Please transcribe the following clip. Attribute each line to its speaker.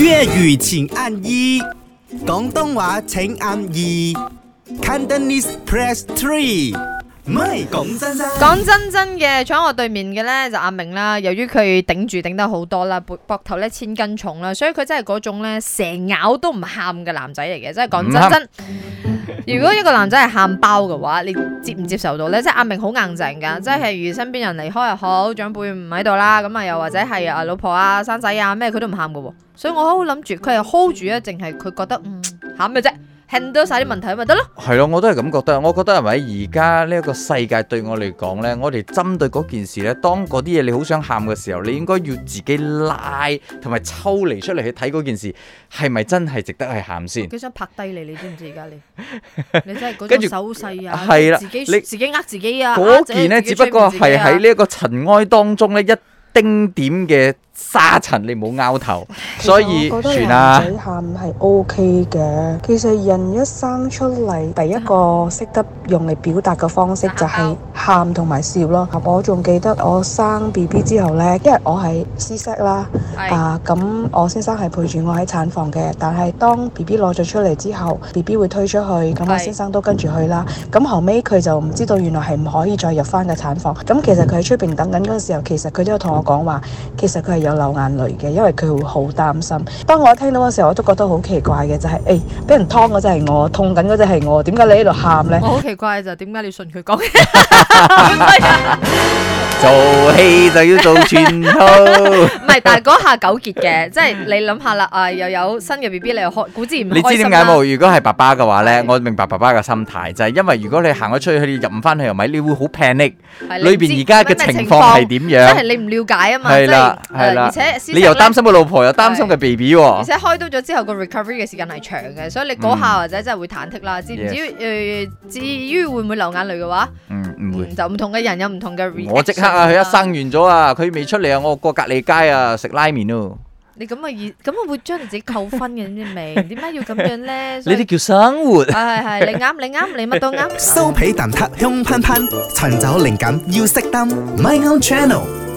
Speaker 1: 粵語請按一，廣東話請按二，Cantonese press three。唔係講真真，
Speaker 2: 講真真嘅坐我對面嘅咧就阿明啦。由於佢頂住頂得好多啦，膊膊頭咧千斤重啦，所以佢真係嗰種咧蛇咬都唔喊嘅男仔嚟嘅，真係講真真。嗯如果一個男仔係喊包嘅話，你接唔接受到咧？即係阿明好硬淨噶，即係如身邊人離開又好，長輩唔喺度啦，咁啊又或者係啊老婆啊生仔啊咩，佢都唔喊噶喎。所以我好好諗住，佢係 hold 住啊，淨係佢覺得嗯喊嘅啫。handle 晒啲問題咪得咯？
Speaker 1: 係咯，我都係咁覺得。我覺得係咪而家呢一個世界對我嚟講呢？我哋針對嗰件事呢，當嗰啲嘢你好想喊嘅時候，你應該要自己拉同埋抽離出嚟去睇嗰件事係咪真係值得去喊先？佢
Speaker 2: 想拍低你，你知唔知而家你？你真係跟住手勢啊，係啦，你自己呃自己啊，嗰件呢，只不過係
Speaker 1: 喺呢一個塵埃當中呢，一丁點嘅沙塵你冇拗頭，其中 所以算啦。覺得人仔
Speaker 3: 喊係 O K 嘅。其實人一生出嚟，第一個識得用嚟表達嘅方式就係喊同埋笑咯。我仲記得我生 B B 之後呢，因為我係私室啦，啊咁我先生係陪住我喺產房嘅。但係當 B B 攞咗出嚟之後，B B 會推出去，咁我先生都跟住去啦。咁是後尾，佢就唔知道原來係唔可以再入翻個產房。咁其實佢喺出邊等緊嗰陣時候，其實佢都有同我講話，其實佢係有流眼淚嘅，因為佢會好擔心。當我聽到嗰時候，我都覺得好奇怪嘅，就係、是、誒，俾、欸、人劏嗰隻係我，痛緊嗰隻係我，點解你喺度喊呢？我好
Speaker 2: 奇怪就係點解你信佢講？
Speaker 1: 做戲就要做全套，唔
Speaker 2: 係，但係嗰下糾結嘅，即係你諗下啦，啊又有新嘅 BB，你又開，估計唔開心啦。你知點解冇？
Speaker 1: 如果係爸爸嘅話咧，我明白爸爸嘅心態，就係因為如果你行咗出去，入唔翻去又咪，你會好 panic。裏面而家嘅情況係點樣？
Speaker 2: 係你知唔知咩情況？即係你唔了解啊嘛。係啦係啦，而且你又擔心個老婆，又擔
Speaker 1: 心個 BB。而且
Speaker 2: 開刀咗之後個 recovery 嘅時間係長嘅，所以你嗰下或者真係會忐忑啦。至唔至於誒？至於會唔會流眼淚嘅話，
Speaker 1: 嗯唔會。
Speaker 2: 就唔同嘅人有唔同嘅 reaction。我即刻。啊！佢一
Speaker 1: 生完咗啊！佢未出嚟啊，我過隔籬街啊，食拉麵咯。
Speaker 2: 你咁啊，咁啊會將你自己扣分嘅，你知未？點解要咁樣
Speaker 1: 咧？呢啲叫生活。係係，
Speaker 2: 你啱，你啱，你乜都啱。
Speaker 3: 酥皮蛋撻香噴噴，尋找靈感要熄燈。My own channel。